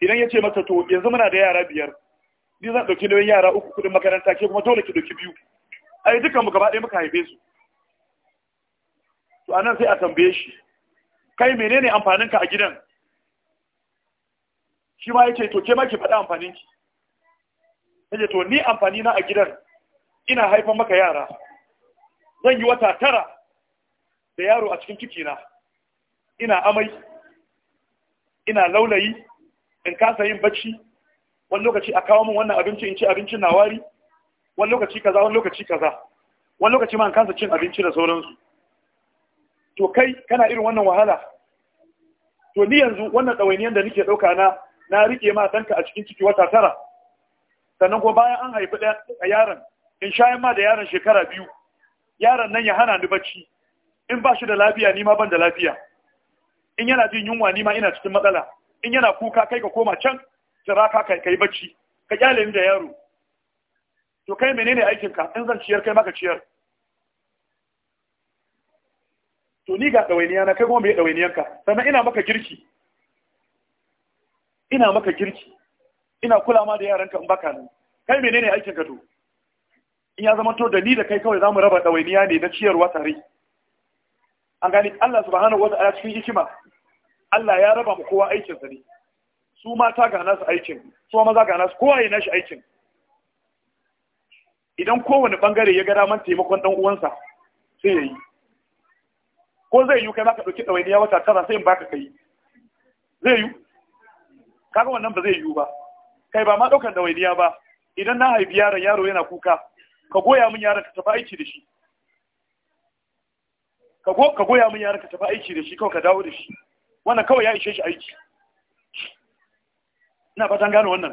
idan ya ce masa to yanzu muna da yara biyar ni zan ɗauki nauyin yara uku kuɗin makaranta ke kuma dole ki ɗauki biyu ai dukan mu gaba ɗaya muka haife su to anan sai a tambaye shi kai menene amfaninka a gidan shi ma yace to ke ma ki faɗa ki. yace to ni amfani na a gidan ina haifan maka yara zan yi wata tara da yaro a cikin cikina ina amai ina laulayi in kasa yin bacci wani lokaci a kawo min wannan abinci in ci abincin na wari wani lokaci kaza wani lokaci kaza wani lokaci ma in kasa cin abinci da sauransu to kai kana irin wannan wahala to ni yanzu wannan ɗawainiyar da nake ɗauka na na riƙe ma ɗanka a cikin ciki wata tara sannan kuma bayan an haifi ɗaya yaron in shayan ma da yaron shekara biyu yaron nan ya hana ni bacci in ba shi da lafiya ni ma ban da lafiya in yana jin yunwa ni ma ina cikin matsala in yana kuka kai ka koma can jira ka kai kai bacci ka kyale ni da yaro to kai menene aikin ka in zan ciyar kai maka ciyar to ni ga dawainiya na kai kuma me dawainiyan ka sannan ina maka girki ina maka girki ina kula ma da yaranka in baka nan kai menene aikin ka to in ya zama to da ni da kai kawai zamu raba ɗawainiya ne na ciyarwa tare an gani Allah subhanahu wata'ala cikin hikima Allah ya raba mu kowa aikin sa ne su mata ga nasu aikin su maza ga nasu kowa ya nashi aikin idan kowane bangare ya ga daman taimakon dan uwansa sai yayi ko zai yi kai maka dauki ɗawainiya wata tara sai in baka kai zai yi kaga wannan ba zai yi ba kai ba ma daukan ɗawainiya ba idan na haifi yaron yaro yana kuka ka goya min yaran ka tafi aiki da shi ka goya min yaran ka tafi aiki da shi kawai ka dawo da shi wannan kawai ya ishe shi aiki ina fatan gano wannan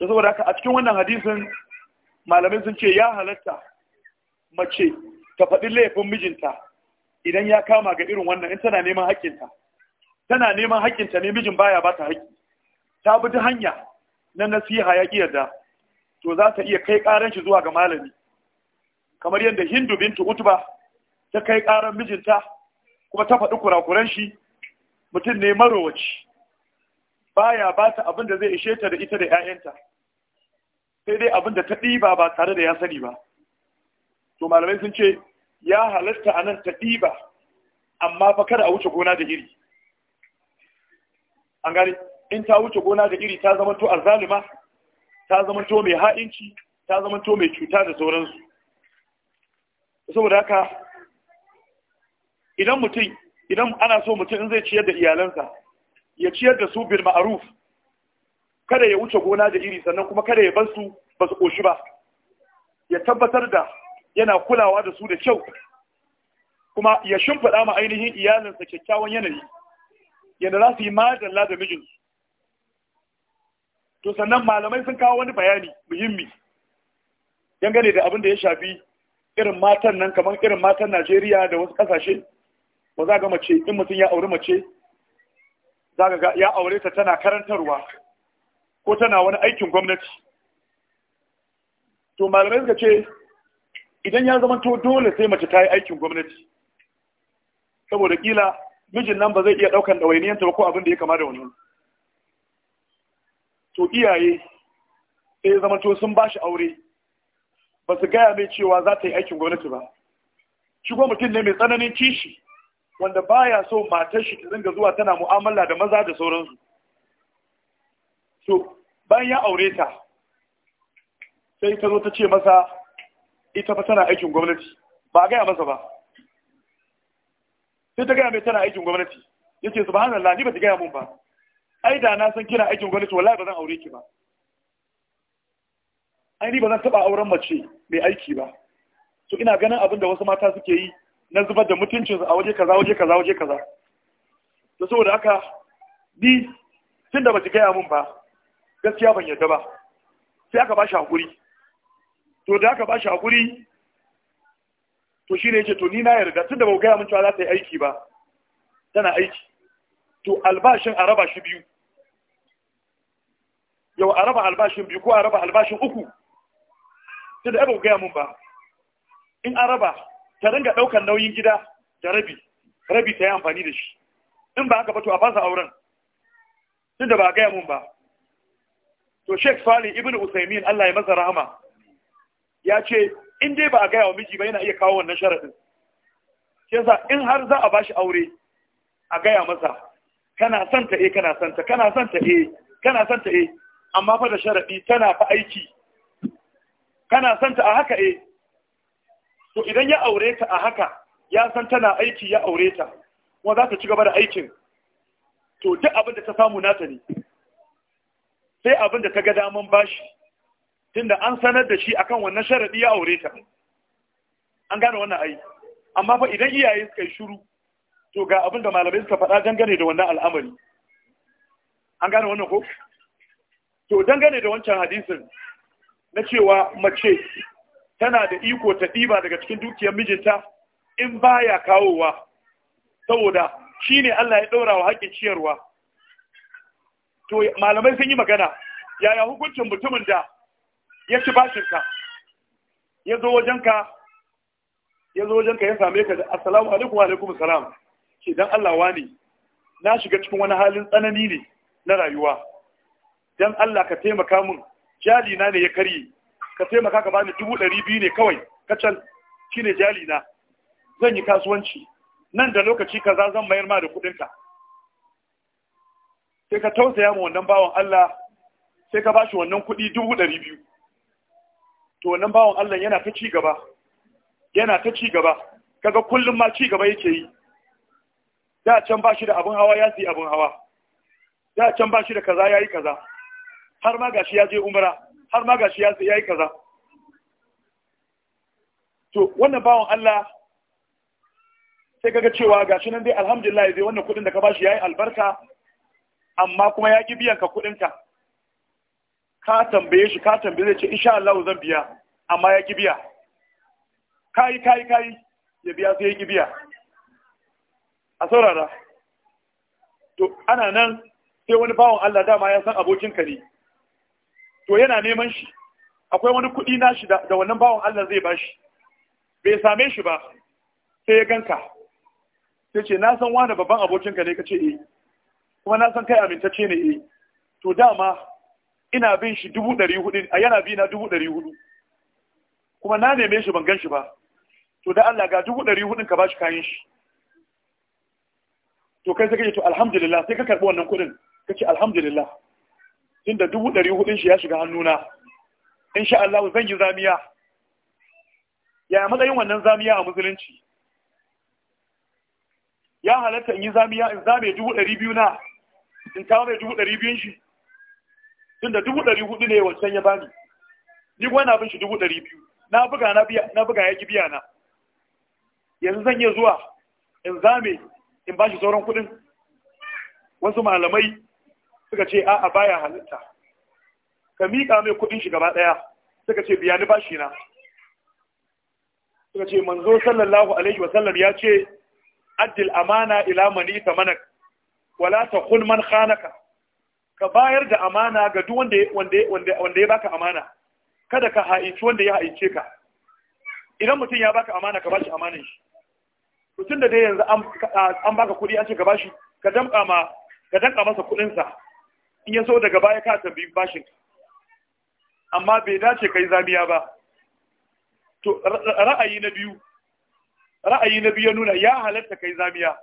da saboda haka a cikin wannan hadisin malamai sun ce ya halatta mace ta faɗi laifin mijinta idan ya kama ga irin wannan in tana neman haƙƙinta tana neman haƙƙinta ne mijin baya ba ta haƙƙi ta bi ta hanya na nasiha ya ƙi yarda to za ta iya kai karan shi zuwa ga malami kamar yadda hindu bintu utba ta kai karan mijinta kuma ta faɗi kurakuran shi mutum ne marowaci baya ba ta abin da zai ishe ta da ita da 'ya'yanta sai dai abin da ta ɗiba ba tare da ya sani ba to malamai sun ce ya halatta a nan ta ɗiba amma fa kada a wuce gona da iri an gani. in ta wuce gona da iri ta zama to ta zama to mai ha'inci ta zama to mai cuta da sauransu saboda haka idan mutum idan ana so mutum in zai ciyar da iyalansa ya ciyar da su bil ma'aruf kada ya wuce gona da iri sannan kuma kada ya bar su ba su koshi ba ya tabbatar da yana kulawa da su da kyau kuma ya shimfiɗa ma ainihin iyalinsa kyakkyawan yanayi yadda za su yi madalla da mijinsu to sannan malamai sun kawo wani bayani muhimmi dangane da abin da ya shafi irin matan nan kamar irin matan Najeriya da wasu kasashe ba za ga mace in mutum ya auri mace za ga ya aure ta tana karantarwa ko tana wani aikin gwamnati to malamai suka ce idan ya zama to dole sai mace ta yi aikin gwamnati saboda kila mijin nan ba zai iya daukan ɗawainiyanta ba ko abin da ya kama da wannan to iyaye sai ya zama to sun ba shi aure ba su gaya mai cewa za ta yi aikin gwamnati ba shi kuma mutum ne mai tsananin kishi wanda baya so matar shi ta zinga zuwa tana mu'amala da maza da sauransu to bayan ya aure ta sai ta zo ta ce masa ita fa tana aikin gwamnati ba a gaya masa ba sai ta gaya mai tana aikin gwamnati ya ce subhanallah ni ba ta gaya mun ba ai da na san kina aikin gwamnati wallahi ba zan aure ki ba ai ni ba zan taba auren mace mai aiki ba to ina ganin abin da wasu mata suke yi na zubar da mutuncinsu a waje kaza waje kaza waje kaza to saboda haka ni tun da bata gaya min ba gaskiya ban yadda ba sai aka bashi hakuri to da aka bashi hakuri to shine yace to ni na yarda tun da ba gaya min cewa za ta yi aiki ba tana aiki to albashin a raba shi biyu yau a raba albashin biyu ko a raba albashin uku sai da abin gaya mun ba in an raba ta dinga ɗaukar nauyin gida da rabi rabi ta yi amfani da shi in ba haka ba to a fasa auren tun da ba gaya mun ba to Sheik Fali ibn usaimin allah ya masa rahama ya ce in dai ba a gaya wa miji ba yana iya kawo wannan sharaɗin shi yasa in har za a bashi aure a gaya masa kana son ta eh kana son ta kana son ta eh kana son ta eh amma fa da sharaɗi tana fa aiki kana san ta a haka eh to idan ya aure ta a haka ya san tana aiki ya aure ta kuma za ta ci gaba da aikin to duk abin da ta samu nata ne sai abin da ta ga daman bashi tunda an sanar da shi akan wannan sharaɗi ya aure ta an gane wannan ai amma fa idan iyaye suka yi shiru to ga abin da malamai suka faɗa dangane da wannan al'amari an gane wannan ko to dangane da wancan hadisin na cewa mace tana da iko ta ɗiba daga cikin dukiyar mijinta in baya kawowa saboda shi ne Allah ya ɗaura wa haƙƙin ciyarwa to malamai sun yi magana yaya hukuncin mutumin da ya ci bashinka ya zo wajenka ya zo wajenka ya same ka da assalamu alaikum alaikum salam ce don Allah wani na shiga cikin wani halin tsanani ne na rayuwa dan Allah ka taimaka mun jali na ne ya karye ka taimaka ka bani dubu ɗari biyu ne kawai kacal shine jali na zan yi kasuwanci nan da lokaci kaza zan mayar ma da kuɗinka sai ka tausaya ma wannan bawan Allah sai ka bashi wannan kuɗi dubu ɗari biyu to wannan bawan Allah yana ta ci gaba yana ta ci gaba kaga kullum ma ci gaba yake yi da can bashi da abin hawa ya siyi abin hawa da can bashi da kaza yayi kaza har ma gashi ya je umara har ma gashi ya yi kaza to wannan bawan Allah sai kaga cewa gashi nan dai alhamdulillah dai wannan kudin da ka bashi yayi albarka amma kuma ya ki biyan ka kudin ka ka tambaye shi ka tambaye zai ce insha Allah zan biya amma ya ki biya kai kai kai ya biya sai ya ki biya a saurara to ana nan sai wani bawan Allah dama ya san abokin ka ne to yana neman shi akwai wani kuɗi na shi da wannan bawan Allah zai bashi bai same shi ba sai ya ganka sai ce na san wani babban abokinka ne kace eh kuma na san kai amintacce ne eh to dama ina bin shi dubu ɗari hudu a yana bi na dubu ɗari hudu kuma na neme shi ban gan shi ba to da Allah ga dubu ɗari hudun ka bashi kayan shi to kai sai kace to alhamdulillah sai ka karɓi wannan kuɗin kace alhamdulillah tunda dubu ɗari hudun shi ya shiga hannuna in sha Allah zan yi zamiya yaya matsayin wannan zamiya a musulunci ya halatta in yi zamiya in zame dubu ɗari biyu na in kawo mai dubu ɗari biyun shi tunda dubu ɗari hudu ne wancan ya bani ni kuma na bin shi dubu ɗari biyu na buga na biya na buga ya ki biya na yanzu zan iya zuwa in zame in ba shi sauran kuɗin wasu malamai suka ce a'a baya halitta ka miƙa mai kuɗin shi gaba ɗaya suka ce biya ni bashi na suka ce manzo sallallahu alaihi wa sallam ya ce addil amana ila mani mana, wala ta man khanaka ka bayar da amana ga duk wanda wanda ya baka amana kada ka haici wanda ya haice ka idan mutum ya baka amana ka bashi amanin shi mutum da dai yanzu an baka kuɗi an ce ka bashi ka danka ma ka danka masa kuɗinsa in ya so daga baya ka tambayi bashin amma bai dace kai zamiya ba to ra'ayi na biyu ra'ayi na biyu ya nuna ya halatta kai zamiya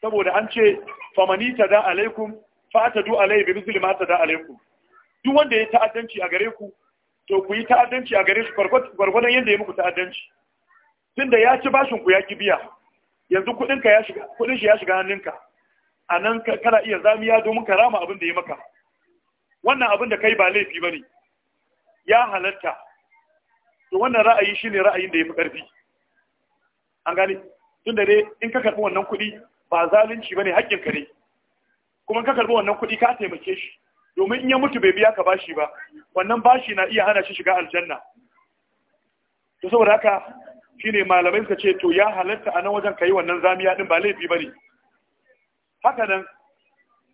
saboda an ce famani ta da alaikum fa ta du alai bi misli ma ta da alaikum duk wanda ya ta'addanci a gare ku to ku yi ta'addanci a gare shi gargwadon yadda ya muku ta'addanci tunda ya ci bashin ku ya kibiya biya yanzu kudin ka ya shiga kuɗin shi ya shiga hannunka a nan kana iya zamiya domin ka rama abin da ya maka wannan abin da kai ba laifi ba ne ya halatta to wannan ra'ayi shine ra'ayin da ya fi ƙarfi an gane tun da dai in ka karɓi wannan kuɗi ba zalunci ba ne haƙƙinka ne kuma in ka karɓi wannan kuɗi ka taimake shi domin in ya mutu bai biya ka bashi ba wannan bashi na iya hana shi shiga aljanna to saboda haka shine malamai suka ce to ya halatta a nan wajen kai wannan zamiya din ba laifi ba ne. haka nan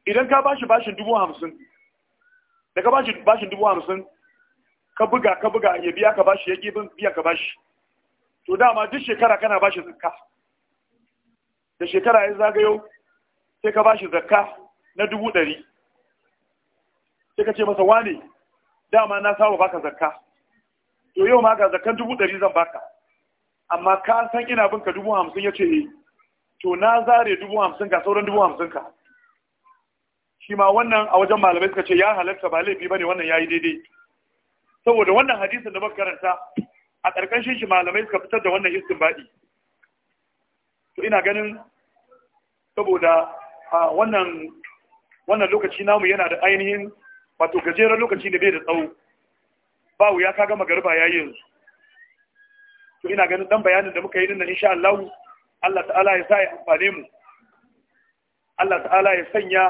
idan ka bashi bashin dubu hamsin da ka bashi bashin dubu hamsin ka buga ka buga ya biya ka bashi ya gibin biya ka bashi to dama duk shekara kana bashi zakka da shekara ya zagayo sai ka bashi zakka na dubu ɗari sai ka ce masa wane dama na sawa baka zakka to yau ma ga zakkan dubu ɗari zan baka amma ka san ina bin ka dubu hamsin ya ce eh to na zare dubu hamsin ka sauran dubu hamsin ka shi ma wannan a wajen malamai suka ce ya halatta ba laifi ba ne wannan ya yi daidai saboda wannan hadisin da muka karanta a ƙarƙashin shi malamai suka fitar da wannan istinbadi to ina ganin saboda a wannan wannan lokaci namu yana da ainihin wato gajeren lokaci da bai da tsawo ba wuya ka gama garba yayi yanzu to ina ganin dan bayanin da muka yi din nan insha Allah Allah ta'ala ya sa ya amfane mu Allah ta'ala ya sanya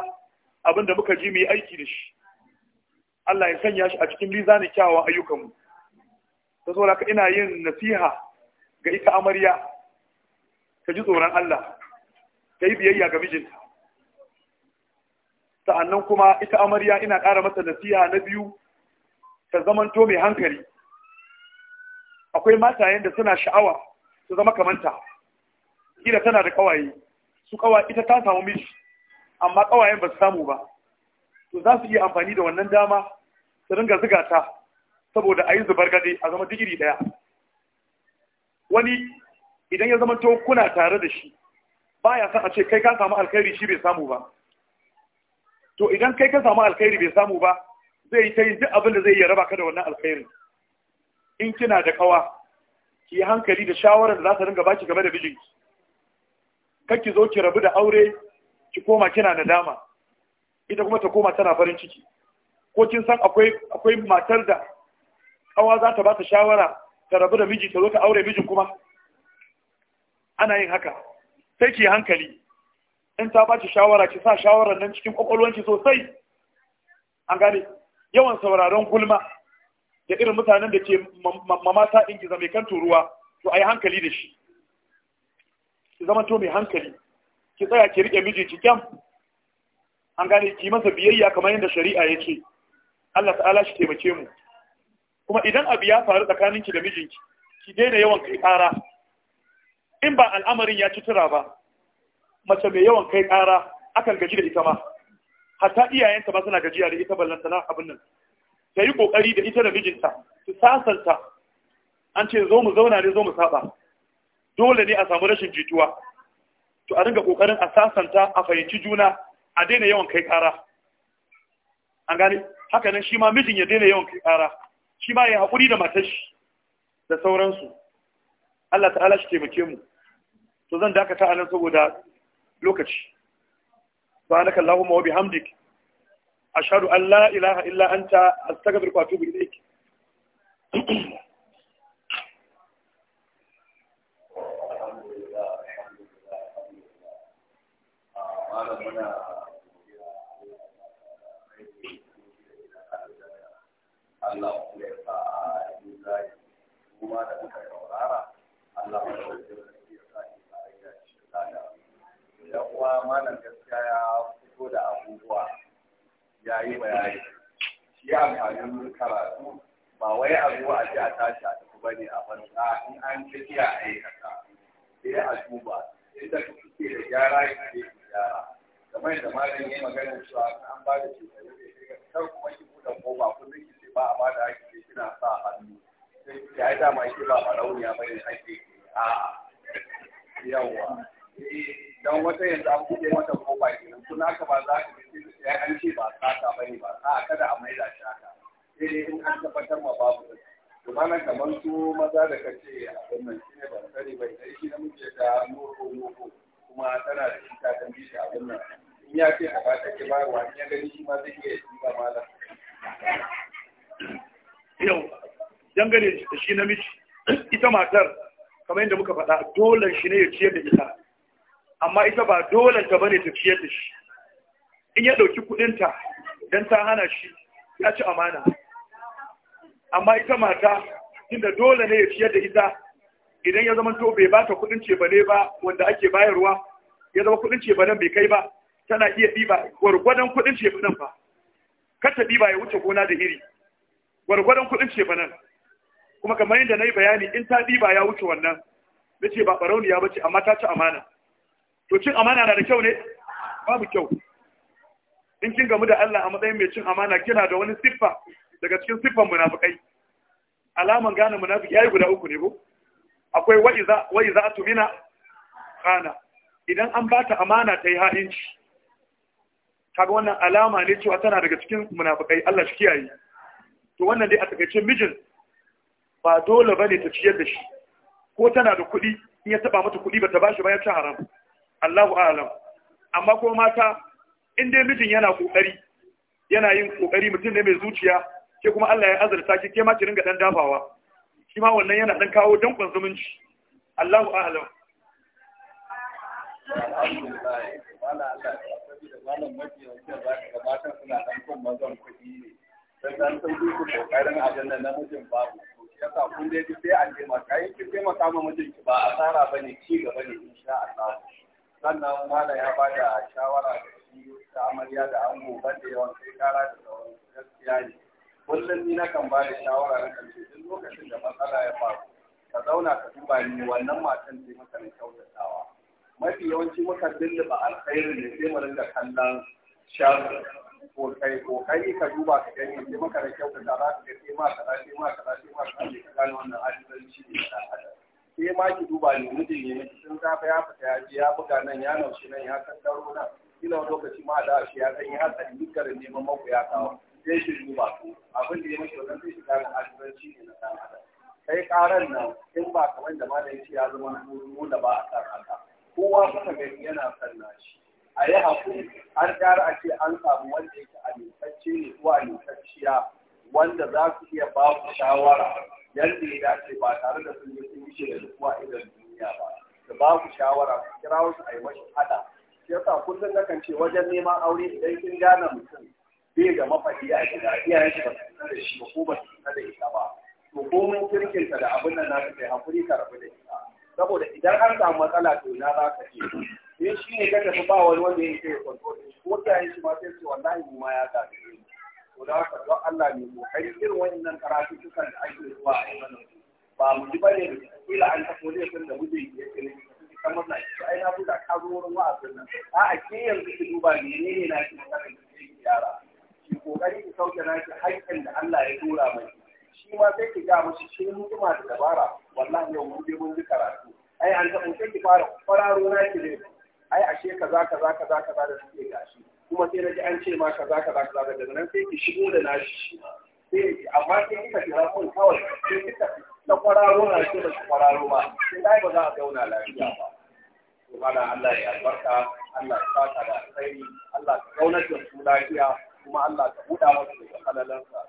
abin da muka ji mu yi aiki da shi Allah ya sanya shi a cikin mizanin kyawawan ayyukanmu ta saboda ka ina yin nasiha ga ita amarya Ka ji tsoron Allah ka yi biyayya ga mijinta sa'annan kuma ita amarya ina ƙara masa nasiha na biyu ta zamanto mai hankali akwai matayen da suna sha'awa su zama kamanta kila tana da kawaye su kawa ita ta samu miji amma kawayen ba su samu ba to za su iya amfani da wannan dama su ringa ziga ta saboda a yi zubar gade a zama digiri daya wani idan ya zama to kuna tare da shi ba ya san a ce kai ka samu alkhairi shi bai samu ba to idan kai ka samu alkhairi bai samu ba zai yi ta yin duk abin da zai iya raba ka da wannan alkhairin in kina da kawa ki hankali da shawarar da za ta ringa baki game da bijinki ki zo ki rabu da aure ki koma kina nadama ita kuma ta koma tana farin ciki ko kin san akwai akwai matar da kawa za ta ba ta shawara ta rabu da miji ta zo ta aure mijin kuma ana yin haka sai ki hankali in ta ba ki shawara ki sa shawarar nan cikin kwakwalwanki sosai an gane yawan sauraron gulma da irin mutanen da ke mamata ingiza mai kan turuwa to a yi hankali da shi ki zama to mai hankali ki tsaya ki rike miji cikin? an gane ki masa biyayya kamar yadda shari'a ya ce Allah ta'ala shi taimake mu kuma idan abu ya faru tsakanin ki da mijinki ki daina yawan kai ƙara in ba al'amarin ya ci tura ba mace mai yawan kai ƙara akan gaji da ita ma hatta iyayenta ba suna gajiya da ita ballanta na abin nan ta yi ƙoƙari da ita da mijinta su sasanta an ce zo mu zauna ne zo mu saba dole ne a samu rashin jituwa to a ringa kokarin a sasanta a fahimci juna a daina yawan kai kara an gane haka nan shi ma mijin ya daina yawan kai kara shi ma ya haƙuri da matar shi da sauransu Allah ta'ala shi taimake mu to zan dakata a nan saboda lokaci سبحانك اللهم وبحمدك an la ilaha illa anta أنت wa atubu ilaik Allah kuma ya sa a yi zai kuma da muka saurara Allah ya sa ya sa ya ci lada ya kuwa malam gaskiya ya fito da abubuwa ya yi bayani shi mun karatu ba wai a zuwa a ji a tashi a tafi bane a banza in an ci iya aikata sai a duba inda kuke da gyara ki ke gyara kamar da malam ya magana cewa an ba da shekaru da shekaru kuma ki buɗe kofa kullum ba amma da ake suna sa hannu ya yi dama ake ba rauni ba ne ake a yawa eh, don wata yanzu an buɗe mata kofa nan, kuna ka ba za ka ji ya an ce ba sata ba ne ba a kada a maida shi haka sai eh, dai in an tabbatar ma babu to mana kamar su maza da kace a wannan shi ne ban sani ba idan shi namiji ta noko noko kuma tana da shi ta tambi shi a wannan in ya ce a ba take bayarwa in ya gani shi ma zai iya yi ba malam yau dangane da shi namiji ita matar kamar yadda muka faɗa dole shi ne ya ciyar da ita amma ita ba dole ta bane ta ciyar da shi in ya ɗauki kuɗinta don ta hana shi ya ci amana amma ita mata inda dole ne ya ciyar da ita idan ya zama to bai ba ta kuɗin ce bane ba wanda ake bayarwa ya zama kuɗin ce banen bai kai ba tana iya ɗiba gwargwadon kuɗin ce banen ba kar ta ɗiba ya wuce gona da iri gwargwadon kuɗin ce ba nan kuma kamar yadda na yi bayani in ta ɗiba ya wuce wannan na ce ba ɓarauniya ba ce amma ta ci amana to cin amana na da kyau ne babu kyau in kin gamu da Allah a matsayin mai cin amana kina da wani siffa daga cikin siffan munafukai alaman gane munafiki yayi guda uku ne ko akwai wa'iza wa'iza atmina kana idan an bata amana ta yi ha'inci kaga wannan alama ne cewa tana daga cikin munafukai Allah shi kiyaye to wannan dai a takaice mijin ba dole bane ta ciyar da shi ko tana da kuɗi in ya taba mata kuɗi ba ta bashi ba ya ci haram Allahu a'lam amma ko mata in dai mijin yana kokari yana yin kokari mutum ne mai zuciya ke kuma Allah ya azurta ki ke ma ki ringa dan dafawa shi ma wannan yana dan kawo dankon zumunci Allahu a'lam malam mafi ce za ka gabatar suna ɗan kun mazan kuɗi ne dan dan sauki ku kokarin abin nan mijin babu yasa kun dai duk sai an taimaka yin kin taimaka ma mijin ki ba asara bane ci gaba ne insha Allah sannan mala ya da shawara da shi ta amarya da ango ban da yawan kai kara da sauran gaskiya ne kullum ni nakan ba da shawara na kan ce duk lokacin da matsala ya faru ka zauna ka duba ni wannan matan ce maka kyautatawa mafi yawanci muka dillaba alkhairi ne sai mu ringa kallon shafi kai kokari ka duba ka gani sai maka da kyau ka za ka ga sai ma ka sai ma ka sai ma ka za ka gane wannan adalci ne da adam sai ma ki duba ne mijin ne miki sun zafa ya fita ya je ya buga nan ya naushi nan ya kaddaro nan kila wani lokaci ma da shi ya san ya hatsari duk garin neman mako ya kawo sai shi duba su abin da ya miki wannan sai shi gane adalci ne na dan adam kai karan nan in ba kamar da malam ya ce ya zama mu da ba a kan haka kowa kuma gani yana sanna shi a yi haƙuri an ƙara a an samu wanda yake amintacce ne ko amintacciya wanda za su iya ba ku shawara yadda ya dace ba tare da sun yi sun wuce da duk wa idan duniya ba da ba ku shawara ku kira wasu a yi mashi hada shi yasa kullum na kan ce wajen neman aure idan kin gane mutum bai da mafaɗi a gida iyayen shi ba su da shi ba ko ba su da ita ba to mun kirkinta da abin nan na su kai haƙuri ka rabu da ita saboda idan an samu matsala to na za ka je in shi ne ka tafi ba wani wanda ya kai ko ta yi shi ma sai ce wallahi ma ya gaje ni to da haka don Allah ne mu kai irin wannan karatu sukan da ake zuwa a wannan ba mu ji bane da kila an tafi wani sun da muke yi ne kan masa shi ai na buɗa ka zo wurin wa'azin nan a a ke yanzu ki duba menene na ki da kake yara ki kokari ki sauke na ki haƙƙin da Allah ya dora mai shi ma sai ki ga mashi shi hikima da dabara wallahi yau mun je mun ji karatu ai an taɓa sai ki fara kwararo na ki ne ai ashe kaza kaza kaza kaza da suke gashi kuma sai naji an ce ma kaza kaza kaza daga nan sai ki shigo da nashi shi sai amma sai kika ji kun kawai sai kika na kwararo na shi da kwararo ba sai dai ba za a zauna lafiya ba to mala Allah ya albarka Allah ya saka da sai Allah ya kaunar da su lafiya kuma Allah ya buɗa musu da halalansa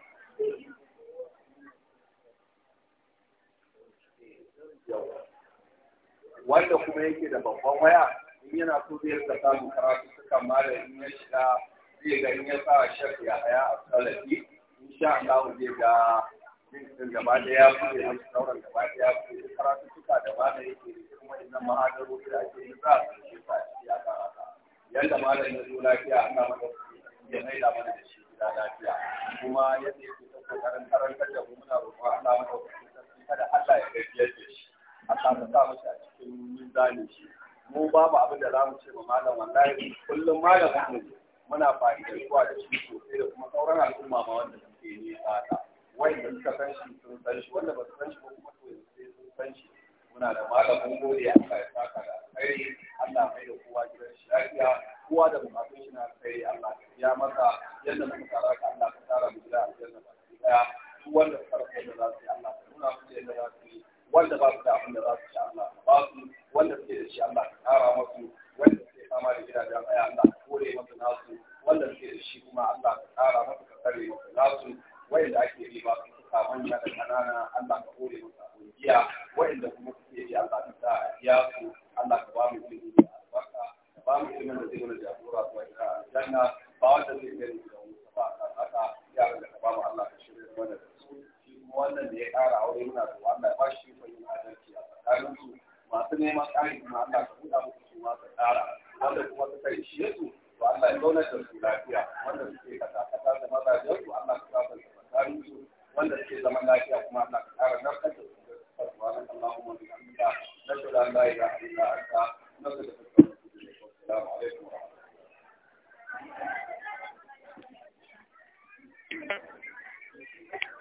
wanda kuma yake da babban waya yana so zai rika samun karatu suka mara in ya shiga zai ga in ya sa shek ya haya a salafi in sha Allah zai ga jinsin gaba da ya fi da sauran gaba da ya fi da karatu suka da ba da yake da kuma idan mahadarori da ake yi za su shi sa shi ya karata yadda malam ya zo lafiya da mana ya mai da mana da shi gida lafiya kuma yadda yake ta karan ta da mu muna roƙon Allah mana kada Allah ya gajiyar da shi Allah ta sa masa a cikin mizanin shi mu babu abin da za mu ce ma malam wallahi kullum malam mu muna fari da shi sosai da kuma sauran al'umma ma wanda suke Wai da suka san shi sun san shi wanda ba su san shi ba kuma to yanzu sai sun san shi muna da malamin gode Allah ya saka da kai Allah mai da kowa gidan shi lafiya kowa da bukatun shi na kai Allah ya masa yadda muka tsara ka Allah ka tsara mu gida aljanna ba duk wanda farko da za su yi Allah ka nuna su yadda za su wanda ba su da abin da za su ci Allah ba su wanda suke da shi Allah ka kara masu wanda suke fama da gidajen aya Allah ka kore masu nasu wanda suke da shi kuma Allah ka kara masu ka kare masu nasu wanda ake yi ba su suka manya da kanana Allah ka kore masu abin giya wanda kuma suke yi Allah ka sa ya su Allah ka ba mu ilimi da albarka ka ba mu ilimin da zai mana jagora zuwa ga aljanna ba wanda zai gani da mu ba ka ya ka ba mu Allah ka shirya mana wannan da ya ƙara aure muna da wanda ba shi ikon yin adalci a tsakanin su masu neman ƙari kuma Allah ka buɗa musu su ma ka ƙara wanda kuma ka kai shi yasu to Allah ya zauna da su lafiya wanda suke kasa kasa da mazajen su Allah ka kasa da tsakanin su wanda suke zaman lafiya kuma Allah ka ƙara narkar da su da subhanak Allahumma bi hamdika nashhadu an la ilaha illa anta nastaghfiruka wa natubu ilayk assalamu alaikum wa rahmatullahi Thank you.